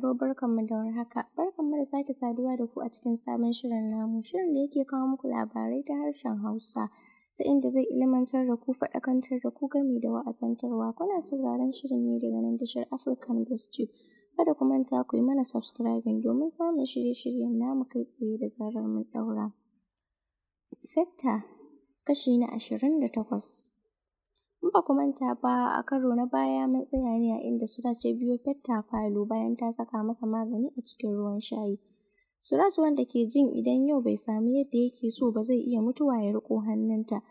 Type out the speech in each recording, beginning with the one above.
sauraro barkanmu da warhaka. Barkanmu da sake saduwa da ku a cikin sabon shirin namu, shirin da yake kawo muku labarai ta harshen Hausa. Ta inda zai ilimantar da ku faɗakantar da ku gami da wa'azantarwa. Kuna sauraron shirin ne daga nan tashar African Best Tube. Kada ku manta ku yi mana subscribing domin samun shirye-shiryen namu kai tsaye da zarar mun ɗaura. Fetta kashi na ashirin da takwas. In ba ku manta ba, a karo na baya mun tsaya ne a inda sura ya biyo fetta falo bayan ta saka masa magani a cikin ruwan shayi. Suraj wanda ke jin idan yau bai sami yadda yake so ba zai iya mutuwa ya riko hannunta.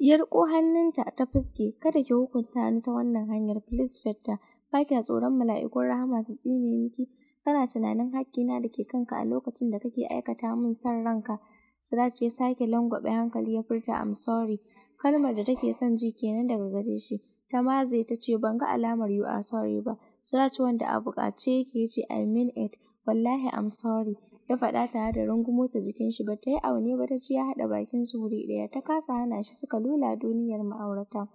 Ya riko hannunta ta fuske, kada ki hukunta ni ta wannan hanyar please Fetta, ba kya tsoron mala'ikun rahama su tsine miki, kana tunanin hakkina da ke kanka a lokacin da kake aikata min son ranka. Suraj ya sake langwabe hankali ya furta I'm sorry. Kalmar da take son ji kenan daga gare shi. Ta maze ta ce, Ban ga alamar “you are sorry” ba. Suraj, wanda a bukace yake, ya ce, I mean it. Wallahi I'm sorry, ya faɗa ta da rungumo ta jikin shi. Ba ta yi aune ba ta ce ya haɗa su wuri ɗaya. Ta kasa hana shi, suka lula duniyar ma'aurata.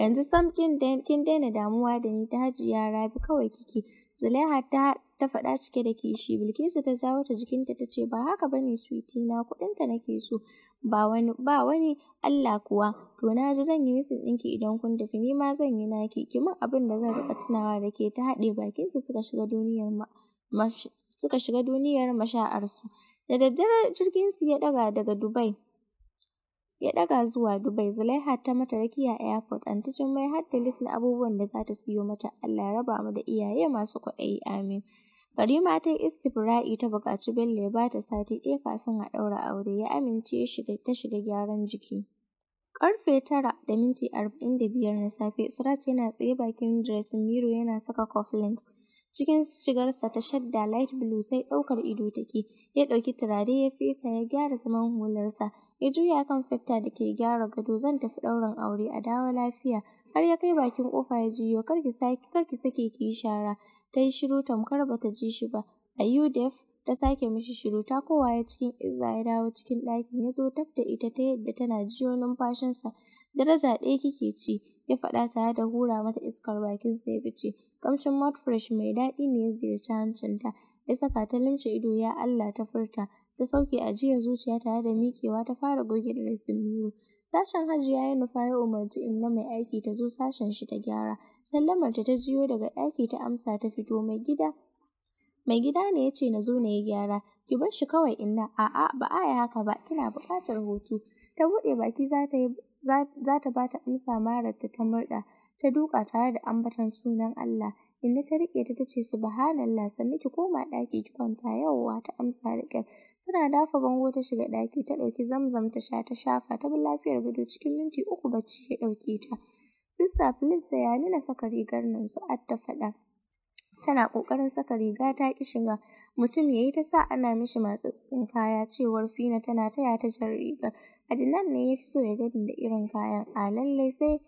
Yanzu sam kin daina damuwa da ni ta ya Rabi kawai kike. Zulaiha ta ta faɗa cike da kishi. Bilkisu ta jawo ta jikinta ta ce, Ba haka ba ne sweetie na, kuɗinta nake so. ba wani ba wani Allah kuwa to na ji zan yi misin ɗinki idan kun tafi ni ma zan yi naki ki min abin da zan riƙa tunawa da ke ta haɗe su suka shiga duniyar suka shiga duniyar masha'arsu da daddare jirgin su ya ɗaga daga Dubai ya ɗaga zuwa Dubai Zulaiha ta mata rakiya a airport an ta mai har da list na abubuwan da za ta siyo mata Allah ya raba mu da iyaye masu kwaɗayi amin Karima ta yi istibra'i ta buƙaci Bello ya bata sati ɗaya kafin a ɗaura aure, ya amince ta shiga gyaran jiki. Ƙarfe tara da minti arba'in da biyar na safe, Suraj yana tsaye bakin dressing mirror yana saka cufflinks. Cikin shigarsa ta shadda light blue sai ɗaukar ido take, ya ɗauki turare ya fesa ya gyara zaman hularsa, ya juya kan fitta da ke gyara gado zan tafi ɗaurin aure a dawo lafiya. har ya kai bakin kofa ya jiyo kar ki sake kar ki sake ki yi shara ta yi shiru tamkar ba ta ji shi ba a udef ta sake mishi shiru ta kowaye cikin izza ya dawo cikin ɗakin ya zo tafda ita ta yadda tana jiyo numfashinsa daraja ɗaya kike ci ya faɗa tare da hura mata iskar bakin sa ya fice kamshin mouth mai daɗi ne ya ziyarci hancinta ya saka ta limshe ido ya Allah ta furta ta sauke ajiyar zuciya tare da miƙewa ta fara goge da rasin miro Sashen Hajiya ya nufa ya umarci inna mai aiki ta zo sashen shi ta gyara. sallamar ta ta jiyo daga ɗaki ta amsa ta fito. Mai gida ne ya ce na zo na yi gyara. Ki bar shi kawai inna. A'a, ba a yi haka ba, kina buƙatar hutu. Ta buɗe baki za ta ba ta amsa marar ta murɗa. Ta duƙa tare da ambatan sunan Allah. Inna ta riƙe ta ta ce subhanallah, sannan ki koma ɗaki ki kwanta. yawwa ta amsa da Tana dafa bango ta shiga ɗaki ta ɗauki zamzam ta sha ta shafa ta bi lafiyar gudu cikin minti uku bacci ya ɗauke ta. Sista please da yani na saka rigar nan su ta faɗa. Tana ƙoƙarin saka riga ta ƙi shiga. Mutum ya yi ta sa ana mishi matsatsin kaya cewar Fina tana taya ta jan rigar. adinan ne ya fi so ya gani da irin kayan. A lallai sai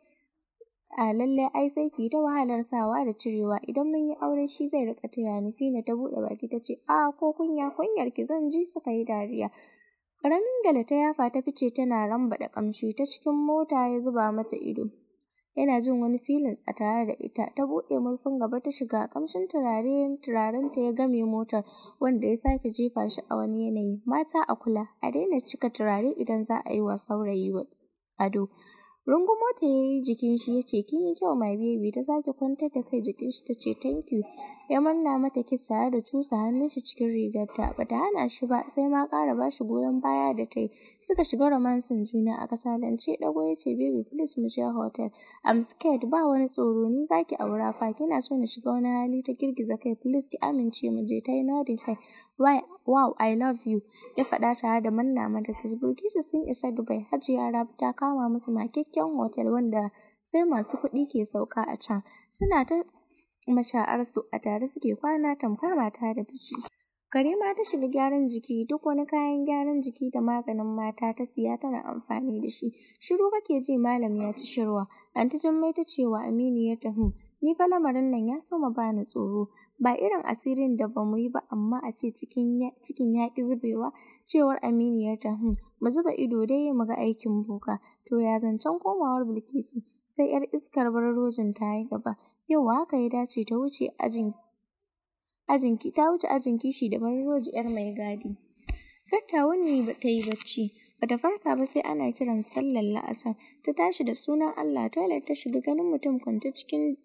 A lallai ai sai ki ta wahalar sawa da cirewa idan mun yi aure shi zai rika taya ni. Fina ta buɗe baki ta ce, a ko kunya kunyar ki zan ji suka yi dariya. karamin gala ta yafa ta fice tana rambaɗa ƙamshi ta cikin mota ya zuba mata ido. Yana jin wani filin a tare da ita, ta buɗe murfin gaba ta shiga ƙamshin turare ta ya game motar wanda ya sake jefa shi a wani yanayi. Mata a kula, a daina cika turare idan za a yi wa saurayi ado. Rungumo ta ya yi jikin shi ya ce, Kin yi kyau my baby, ta sake kwantar da kai jikin shi ta ce, Thank you. Ya manna mata kiss tare da cusa hannun shi cikin rigarta, ba ta hana shi ba sai ma kara ba shi goyon baya da ta yi. Suka shiga romansin juna a kasalance ɗago ya ce, Baby please mu je hotel. I'm scared ba wani tsoro ni ki aura fa kina so na shiga wani hali ta girgiza kai please ki amince mu je ta yi nodding kai. Why, wow, I love you. Ya faɗa tare da manna mata kiss. Bilkisu sun isa Dubai, Hajiya Rabi ta kama musu makeke cikakken otal wanda sai masu kuɗi ke sauka a can. Suna ta masha'arsu a tare suke kwana tamkar mata da miji. Karima ta shiga gyaran jiki duk wani kayan gyaran jiki da maganin mata ta siya tana amfani da shi. Shiru kake ji malam ya ci shirwa. Anti Jummai ta ce wa ya tafi ni fa lamarin nan ya soma bani tsoro." Ba irin asirin da ba mu yi ba amma a ce cikin ya ƙi zubewa, cewar aminiyar ta hun hmm, mu zuba ido dai mu ga aikin boka.” To ya zancen komawar Bilkisu? Sai 'yar iskar bararojin ta yi gaba. wa haka ya dace ta wuce ajin kishi da bararoji 'yar mai gadi. Fata ne ta yi bacci bata farka ba sai ana kiran sallar la'asar. Ta tashi da sunan Allah toilet ta shiga ganin mutum kwance cikin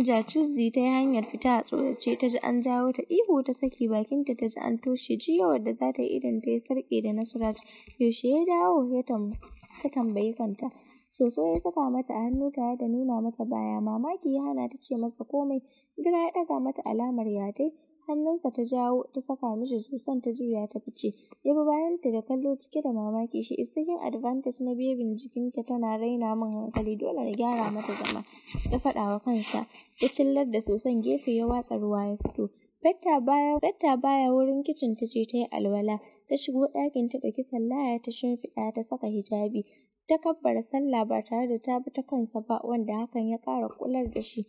Jacuzzi ta yi hanyar fita a tsorace, ta ji an jawo ta, ihu ta saki, bakinta ta ji an toshe, jiya da za ta yi ta ya sarƙe da na Suraj. “Yaushe ya dawo?” ta tambayi kanta. Soso ya saka mata a hannu tare da nuna mata baya, mamaki ya hana ta ce masa komai. Gira ya ɗaga mata alamar “Ya hannunsa ta jawo ta saka mishi susan ta juya ta fice ya bi bayanta da kallo cike da mamaki shi. is taking advantage na bebin jikinta tana raina min hankali dole na gyara mata zama ya faɗa wa kansa ya cillar da susan gefe ya watsa ruwa ya fito Fetta baya wurin kicin ta je ta yi alwala ta shigo ɗakin ta ɗauki sallaya ta shimfiɗa ta saka hijabi ta kabbara sallah ba tare da ta bi ta kansa ba wanda hakan ya ƙara kular da shi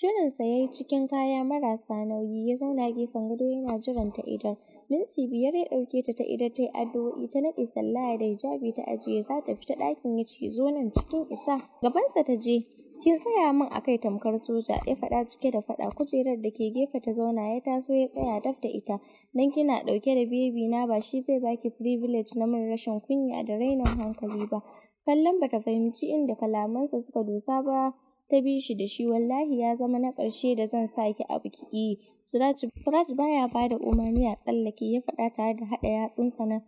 Shirin ya yi cikin kaya marasa nauyi, ya zauna gefen gado yana jiran ta idar. Minti biyar ya ɗauke ta ta idar ta yi addu'o'i, ta naɗe sallaya da hijabi ta ajiye, za ta fita ɗakin ya ce zo nan cikin isa. Gabansa ta je, kin tsaya min a kai tamkar soja, ya faɗa cike da faɗa. Kujerar da ke gefe ta zauna ya taso ya tsaya daf da ita. Dan kina ɗauke da bebi na ba shi zai baki privilege na min rashin kunya da rainin hankali ba. Kallon ba ta fahimci inda kalamansa suka dosa ba. ta bi shi da shi wallahi ya zama na ƙarshe da zan sa ki a biki yi. Suraj baya ba da umarni a tsallake ya faɗa tare da haɗa yatsunsa na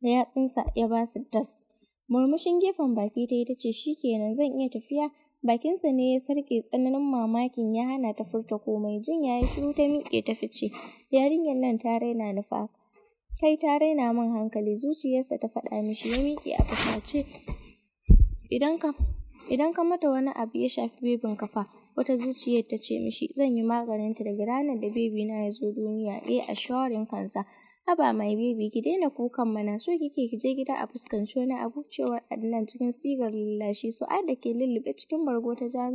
da yatsunsa ya ba su das. Murmushin gefen baki ta yi ta ce shi kenan zan iya tafiya. Bakinsa ne ya sarƙe tsananin mamakin ya hana ta furta komai jin ya yi shiru ta miƙe ta fice. Yarinyar nan ta raina ni Kai ta raina min hankali zuciyarsa ta faɗa mishi ya miƙe a ce Idan ka Idan ka mata wani abu ya shafi bebin kafa wata zuciyar ta ce mishi, zan yi maganin ta daga ranar da na ya zo duniya, ya eh, yi assuring kansa. Haba mai baby, ki daina kukan mana, so kike ki je gida a fuskanci wani abu, cewar Adnan cikin sigar lallashi. su da ke lullube cikin bargo ta ja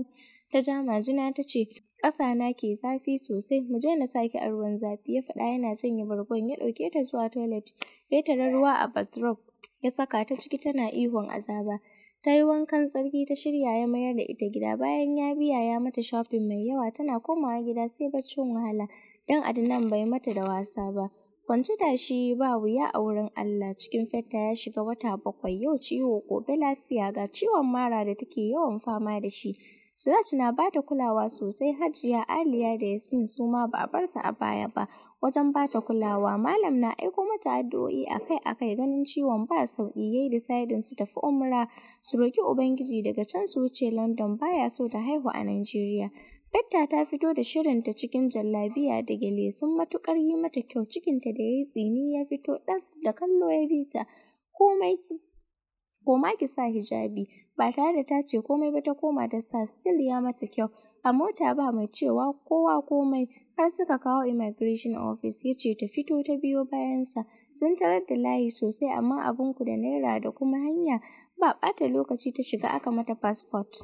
ta ja majina ta ce, ƙasa na ke zafi sosai, mu je na sa a ruwan zafi, ya faɗa yana janye bargon, ya ɗauke ta zuwa toilet, ya tara ruwa a bathrobe, ya saka ta ciki tana ihun azaba. Ta yi wankan tsarki ta shirya ya mayar da ita gida. Bayan ya biya ya mata shafin mai yawa, tana komawa gida sai baccin wahala, don adinan bai mata da wasa ba. Kwance tashi ba wuya a wurin Allah, cikin fetta ya shiga wata bakwai, yau ciwo gobe lafiya ga ciwon mara da take yawan fama da shi. Suraj na bata kulawa sosai, Hajiya, Aliya da Yasmin su ma ba a bar a baya ba. wajen ba ta kulawa. Malam na aiko mata addu'o'i akai-akai ganin ciwon ba sauƙi ya yi su tafi Umrah su roki Ubangiji daga can su wuce London baya so da haihu a nigeria. Betta ta fito da shirinta cikin jallabiya da gele sun matukar yi mata kyau cikinta da yayi tsini ya fito ɗas da kallo ya bi ta komai koma ki sa hijabi ba tare da ta ce komai ba ta koma da sa still ya mata kyau a mota ba mai cewa kowa komai har suka kawo immigration office ya ce ta fito ta biyo bayansa. Sun tarar da layi sosai amma abinku da naira da kuma hanya ba ɓata lokaci ta shiga aka mata passport.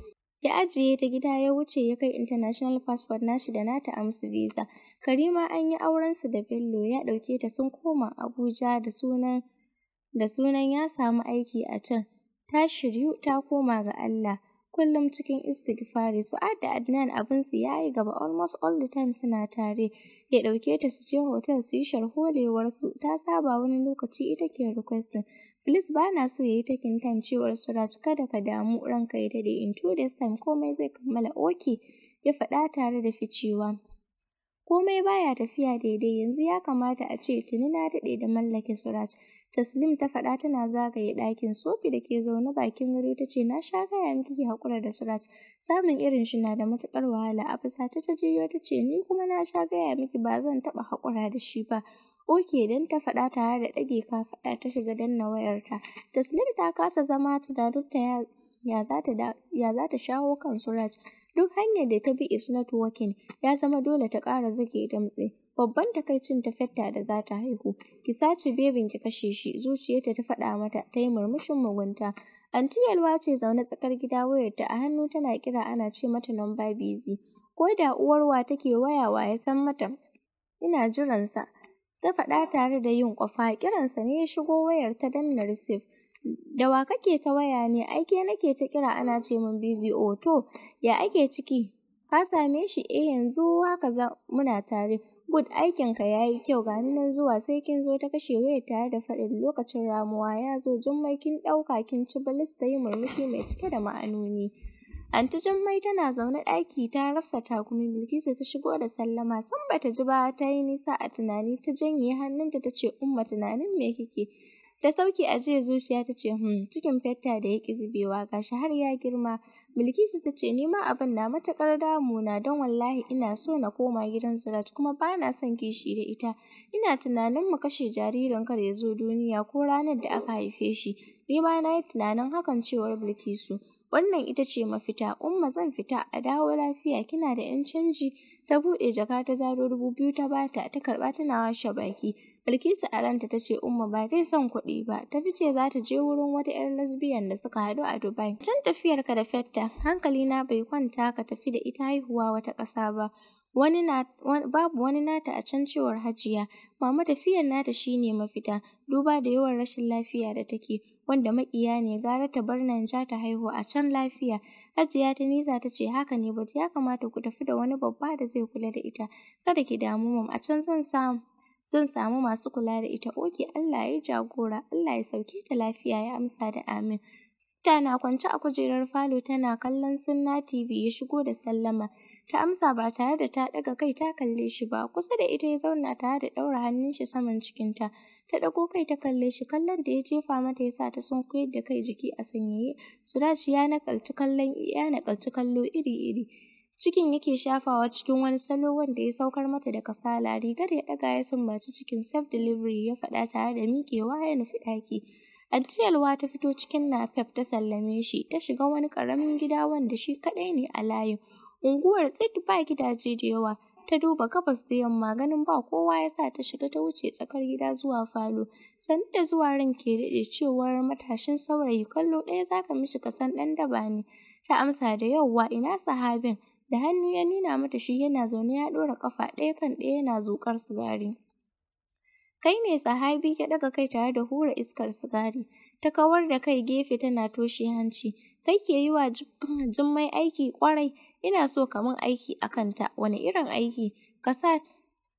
Ya ajiye ta gida ya wuce ya kai international passport nashi da nata amsu visa. Karima an yi aurensu da Bello ya ɗauke ta sun koma Abuja da sunan ya samu aiki a can. Ta shiryu ta koma ga Allah. kullum cikin istighfari a da Adnan su ya yi gaba almost all the time suna tare ya ɗauke ta su je hotel su yi sharholewar su ta saba wani lokaci ita ke requesting please ba na so ya yi takin time cewar Suraj kada ka damu ranka ya dade. in two days time komai zai kammala okay ya faɗa tare da ficewa. komai baya tafiya daidai yanzu ya kamata a ce tuni na daɗe da mallake Suraj Taslim ta faɗa tana zagaye ɗakin. Sofi da ke zaune bakin gado ta ce, Na sha gaya miki ki haƙura da Suraj. Samun irin shi na da matukar wahala. A fusata ta jiyo ta ce, Ni kuma na sha gaya miki ba zan taɓa haƙura da shi ba. Oke dan ta faɗa tare da ɗage faɗa ta shiga danna wayarta. Taslim ta kasa zama ta ta ya za ta shawo kan Suraj. Duk hanyar da ta bi is not working, ya zama dole ta ƙara zage damtse. Babban takaicin ta fetta da za ta haihu. Ki sace bebin ki kashe shi, zuciyarta ta faɗa mata, ta yi murmushin mugunta. Anti Yalwa ce zaune tsakar gida wayarta a hannu tana kira ana ce mata number busy. Ko da uwarwa take wayawa ya san mata, ina jiransa. Ta faɗa tare da yin kwafa, kiransa ne ya shigo wayar ta danna receive. da wa kake ta waya ne aike nake ta kira ana ce min busy oh to ya ake ciki ka same shi eh yanzu haka muna tare Bud aikinka ya yi kyau gani nan zuwa sai kin zo ta kashe waya tare da faɗin lokacin ramuwa ya zo Jummai kin ɗauka kin ci balista ta yi murmushi mai cike da ma'anoni. Anti Jummai tana zaune ɗaki ta rafsa takumi Bilkisu ta shigo da sallama san ta ji ba ta yi nisa a tunani ta janye hannunta ta ce umma tunanin me kike? Ta sauke ajiye zuciya ta ce hmm cikin fetta da ya ƙi zubewa gashi har ya girma Bilkisu ta ce, Ni ma abin na matuƙar damuna don wallahi ina so na koma gidan Zulat kuma ba na son kishi da ita. Ina tunanin mu kashe jaririn kar ya zo duniya ko ranar da aka haife shi. Ni ma na yi tunanin hakan cewar Bilkisu. Wannan ita ce mafita, Umma zan fita a dawo lafiya kina da ‘yan canji. ta buɗe jaka ta zaro dubu biyu ta bata ta karɓa tana washe baki bilkisu a ranta ta ce umma ba zai son kuɗi ba ta fi ce za ta je wurin wata 'yar lesbian da suka haɗu a dubai can tafiyar ka da fetta hankalina bai kwanta ka tafi da ita haihuwa wata ƙasa ba wani na babu wani nata a can cewar hajiya mama tafiyar nata shine mafita duba da yawan rashin lafiya da take wanda maƙiya ne gara ta bar Nanja ta haihu a can lafiya. Hajiya Tanisa ta ce haka ne but ya kamata ku tafi da wani babba da zai kula da ita. Kada ki damu mam a can zan samu. Zan samu masu kula da ita, oke Allah ya jagora, Allah ya sauke ta lafiya ya amsa da amin. Ta na kwance a kujerar falo tana kallon Sunna TV ya shigo da sallama. Ta amsa ba tare da ta ɗaga kai ta kalle shi ba, kusa da ita ya zauna tare da ɗaura hannun shi saman cikinta. Ta ɗago kai ta kalle shi kallon da ya jefa mata ya sa ta sunkuyar da kai jiki a sanyaye. Suraj ya nakalci kallon ya nakalci kallo iri-iri. Cikin yake shafawa cikin wani salo wanda ya saukar mata da kasala rigar ya ɗaga ya sumbaci cikin self delivery ya faɗa tare da miƙewa ya nufi ɗaki. Antiyalwa ta fito cikin napep ta sallame shi ta shiga wani ƙaramin gida wanda shi kaɗai ne a layin. Unguwar tsit ba gidaje da yawa Ta duba gabas da yamma ganin ba kowa ya sa ta shiga ta wuce tsakar gida zuwa falo. Sannu da zuwa ke daɗe cewar matashin saurayi kallo ɗaya za ka mishi kasan ɗan daba ne. Ta amsa da yauwa ina sahabin. Da hannu ya nuna mata shi yana zaune ya ɗora kafa ɗaya kan ɗaya yana zuƙar sigari. Kai ne sahabi ya ɗaga kai tare da hura iskar sigari. Ta kawar da kai gefe tana toshe hanci. Kai ke yi wa Jummai aiki kwarai? Ina so ka min aiki a kanta. Wane irin aiki?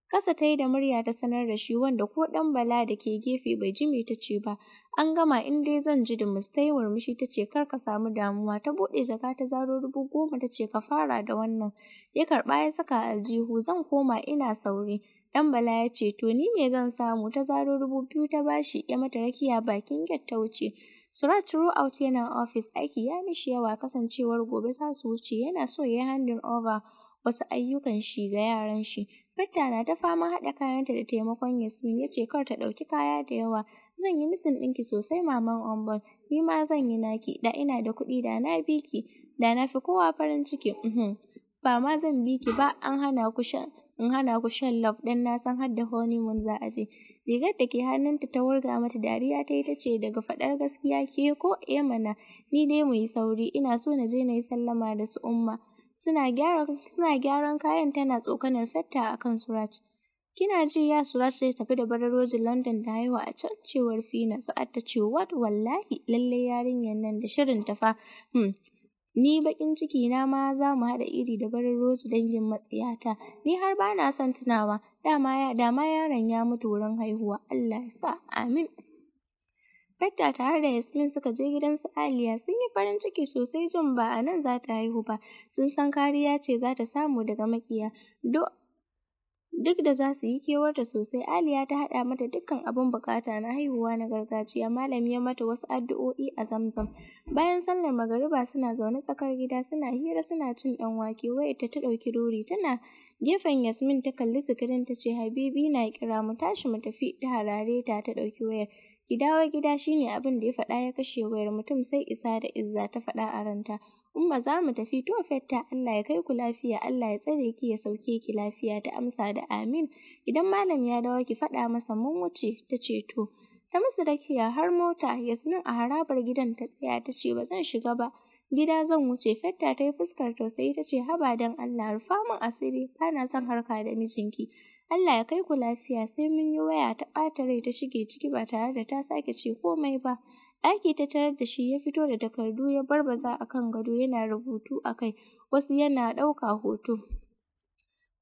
Kasa ta yi da murya ta sanar da shi, wanda ko ɗan Bala da ke gefe bai ji me ta ce ba. An gama in dai zan ji da Ta yi murmushi ta ce, Kar ka samu damuwa. Ta buɗe jaka ta zaro dubu goma ta ce, Ka fara da wannan. Ya karɓa ya saka aljihu. Zan koma ina sauri. Ɗan Bala ya ce, To ni me zan samu? Ta zaro dubu biyu ta bashi. Ya mata rakiya bakin get ta wuce. surat throughout yana ofis aiki ya mishi yawa kasancewar gobe za su wuce yana so ya yi handing over wasu ayyukan shi ga yaran shi. Fidda na ta fama haɗa kayanta da taimakon Yasmin ya ce kar ta ɗauki kaya da yawa, zan yi misin ɗinki sosai maman Ombol, ni ma zan yi naki, da ina da kuɗi da na bi da na fi kowa farin ciki, uhm, ba ma zan bi ki ba an hana ku shan in hana ku shan love ɗan na san har da honeymoon za a je. Rigar da ke hannunta ta wurga mata dariya ta yi ta ce daga faɗar gaskiya ke ko e mana ni dai mu yi sauri ina so na je na yi sallama da su umma. Suna gyaran kayan tana tsokanar fetta a kan Suraj. Kina ji ya Suraj zai tafi da bararojin London da haihuwa a can cewar Fina sa'ad ta ce what wallahi lallai yarinyar nan da shirin ta fa hmm. Ni baƙin ciki na ma za mu haɗa iri da barin Roji dangin matsiyata. Ni har ba na son tunawa, dama da ma yaron ya mutu wurin haihuwa, Allah ya sa, amin. Fetta tare da Yasmin suka je gidan su Aliya sun yi farin ciki sosai jin ba a nan za ta haihu ba, sun san kariya ce za ta samu daga maƙiya. Do Duk da za su yi kewarta sosai, Aliya ta haɗa mata dukkan abin buƙata na haihuwa na gargajiya, Malam ya mata wasu addu'o'i a Zamzam. Bayan sallar magariba suna zaune tsakar gida suna hira suna cin ɗan wake, wayarta ta ɗauki rori tana gefen Yasmin ta kalli sikirin ta ce Habibi na kira mu tashi mu tafi ta harare ta ta ɗauki wayar. Ki dawo gida shine abin da ya faɗa ya kashe wayar mutum sai isa da izza ta faɗa a ranta. Umma za mu tafi to fetta Allah ya kai ku lafiya Allah ya tsare ki ya sauke ki lafiya ta amsa da amin idan malam ya dawo ki faɗa masa mun wuce ta ce to ta musu rakiya har mota yasmin a harabar gidan ta tsaya ta ba zan shiga ba gida zan wuce fetta ta yi fuskar tausayi ta ce haba don Allah rufa min asiri ba na son harka da mijinki Allah ya kai ku lafiya sai mun yi waya ta ɓata rai ta shige ciki ba tare da ta sake ce komai ba Ɗaki ta tarar da shi ya fito da takardu ya barbaza a kan gado yana rubutu a kai, wasu yana ɗauka hoto.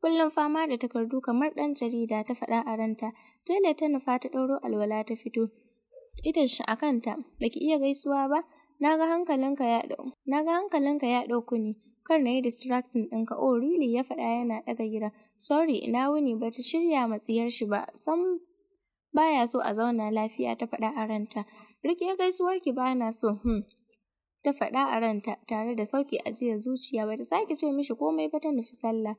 Kullum fama da takardu kamar ɗan jarida ta faɗa a ranta. Dole ta nufa ta ɗauro alwala ta fito. Idon shi a kanta, baki iya gaisuwa ba? Na ga hankalinka ya ɗau. Na ga hankalinka ya ɗauku ne. Kar na yi distracting ɗinka. Oh really? ya faɗa yana ɗaga gira. Sorry, ina wuni ba ta shirya ma tsiyar shi ba. Sam ba ya so a zauna lafiya ta faɗa a ranta. Riƙe gaisuwar ki bana so, hmm, ta faɗa a ranta tare da sauki ajiyar zuciya Bata ta sake ce mishi komai ba ta nufi sallah.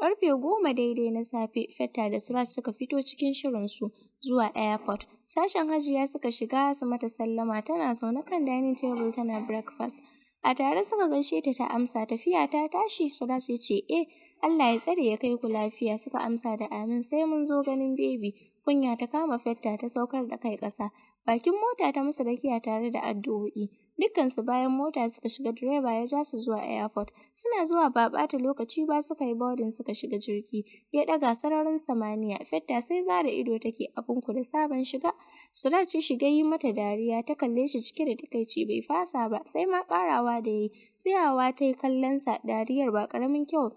Karfe goma daidai na safe, Fetta da Suraj suka fito cikin shirinsu zuwa airport. Sashen Hajiya suka shiga su mata sallama tana zaune kan dining table tana breakfast. A tare suka gaishe ta ta amsa tafiya ta tashi Suraj ya ce eh Allah ya tsare ya kai ku lafiya suka amsa da amin sai mun zo ganin baby. Kunya ta kama Fetta ta saukar da kai ƙasa. Bakin mota ta masa rakiya tare da addu'o'i. Dukkansu bayan mota suka shiga direba ya ja su zuwa airport. Suna zuwa ba ɓata lokaci ba suka yi boarding suka shiga jirgi. Ya ɗaga sararin samaniya. Fedda sai zara ido take ku da sabon shiga. Suraj ya shiga yi mata dariya ta kalle shi cike da takaici bai fasa ba sai ma ƙarawa da yi Tsayawa ta yi sa dariyar ba ƙaramin kyau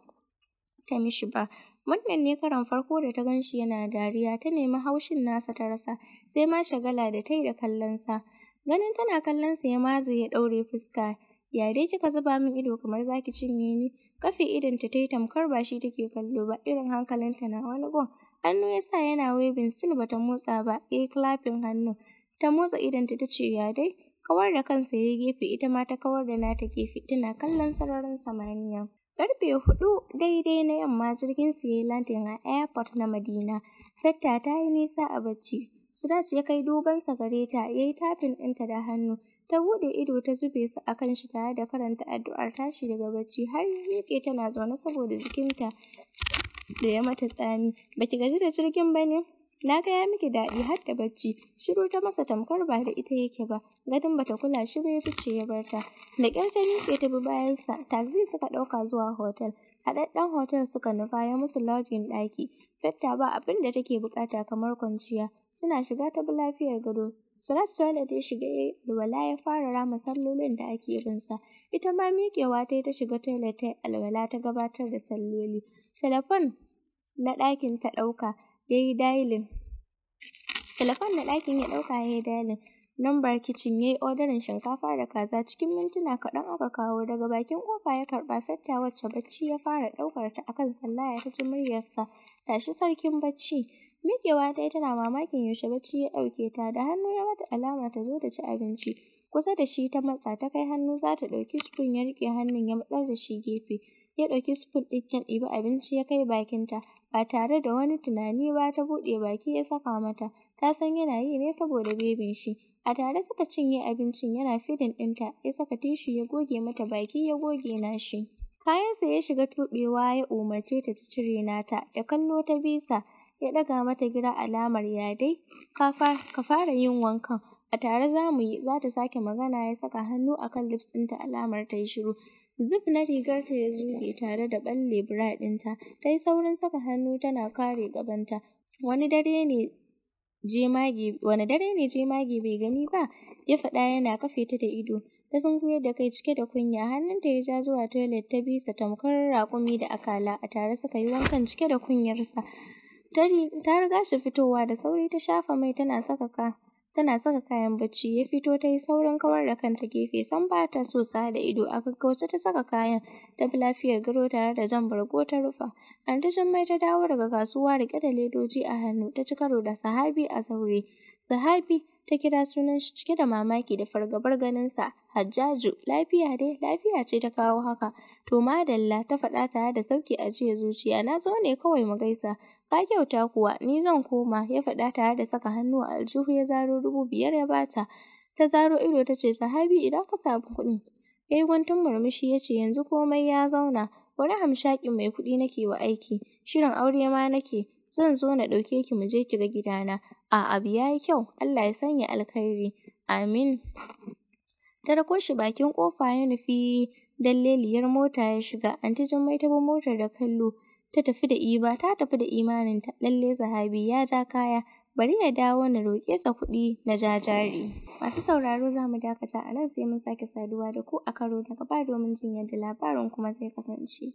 ta mishi ba. Wannan ne karon farko da ta gan shi yana dariya, ta nemi haushin nasa ta rasa, sai ma shagala da ta yi da kallonsa. Ganin tana kallon sa ya maza ya ɗaure fuska, ya dai kika zuba min ido kamar za ki cinye ni? Kafe idonta ta yi tamkar ba shi take kallo ba, irin hankalinta na wani gun. Hannu ya sa yana waving sil ba ta motsa ba, Eh, clapping hannu. Ta motsa idonta ta ce ya dai, kawar da kansa ya gefe ita ma ta kawar da nata gefe tana kallon sararin samaniya. Karfe hudu daidai na yamma jirgin su yayi landing a airport na Madina. Fetta ta yi nisa a bacci. Suraj ya kai dubansa gare ta, Yayi tapping tafin ɗinta da hannu. Ta buɗe ido ta zube su a kan shi tare da karanta addu'ar tashi daga bacci har miƙe tana zaune saboda jikinta da ya mata tsami. Baki gaji da jirgin bane Na ga miki daɗi har da bacci. Shiru ta masa tamkar ba da ita yake ba. Gadon bata kula shi ba ya fice ya bar ta. Da ƙyar ta miƙe ta bi bayansa. Taxi suka ɗauka zuwa hotel. Haɗaɗɗen hotel suka nufa ya musu lodging ɗaki. Fetta ba abin da take buƙata kamar kwanciya. Suna shiga ta bi lafiyar gado. Surat toilet ya shiga ya alwala ya fara rama sallolin da ake binsa. Ita ma miƙewa ta yi ta shiga toilet ta alwala ta gabatar da salloli. Telefon na ɗakin ta ɗauka. ya yi dialing. Telefon na ɗakin ya ɗauka ya yi dialing. Lambar kicin ya yi odarin shinkafa da kaza cikin mintuna kaɗan aka kawo. Daga bakin ƙofa ya karɓa fetta wacce bacci ya fara ɗaukar ta a kan sallaya ta ji muryarsa. Tashi sarkin bacci. Miƙewa ta yi tana mamakin yaushe bacci ya ɗauke ta. Da hannu ya mata alama ta zo ta ci abinci. Kusa da shi ta matsa ta kai hannu za ta ɗauki spoon ya riƙe hannun ya matsar da shi gefe. ya ɗauki spoon ɗin ɗiba abinci ya kai bakinta ba tare da wani tunani ba ta buɗe baki ya saka mata ta san yana yi ne saboda bebin shi a tare suka cinye abincin yana fidin ɗinta ya saka tishu ya goge mata baki ya goge nashi kayansa ya shiga tuɓewa ya umarce ta ta cire nata ya kallo ta bisa ya ɗaga mata gida alamar ya dai ka fara yin wankan a tare za mu yi za ta sake magana ya saka hannu akan lips ɗinta alamar ta yi shiru Zip na rigar ta ya zuge tare da balle bra ɗinta, ta yi saurin saka hannu tana kare gabanta. Wani dare ne jemagi wani dare ne jemage bai gani ba ya faɗa yana kafe ta da ido ta sunkuyar da kai cike da kunya hannunta ya ja zuwa toilet ta bisa tamkar raƙumi da akala a tare suka yi wankan cike da kunyarsa ta riga shi fitowa da sauri ta shafa mai tana saka ka tana saka kayan bacci ya fito ta yi saurin kawar da kanta gefe san ba ta so sa da ido a gaggauce ta saka kayan ta fi lafiyar gado tare da jan bargo ta rufa anti mai ta dawo daga kasuwa rike da ledoji a hannu ta ci karo da sahabi a zaure sahabi ta kira sunan shi cike da mamaki da fargabar ganinsa hajjaju lafiya dai lafiya ce ta kawo haka to madalla ta faɗa tare da sauki a jiya zuciya na zo ne kawai mu gaisa Ka kyauta kuwa, ni zan koma, ya faɗa tare da saka hannu a aljihu ya zaro dubu biyar ya bata. Ta zaro ido ta ce, sahabi idan ka samu kuɗin. Ya yi guntun murmushi ya ce, yanzu komai ya zauna. Wani hamshakin mai kuɗi nake wa aiki, shirin aure ma nake, zan zo na ɗauke ki mu je ki ga gidana. A abu ya yi kyau, Allah ya sanya alkhairi. Amin. Ta ɗauko shi bakin ƙofa ya nufi dalleliyar mota ya shiga, anti Jummai ta bi motar da kallo. ta tafi da iba ta tafi da imaninta lalle zahabi ya ja kaya bari ya dawo na roƙe sa kuɗi na ja jari masu sauraro za mu dakata a nan sai mun sake saduwa da ku a karo na gaba domin jin yadda labarin kuma zai kasance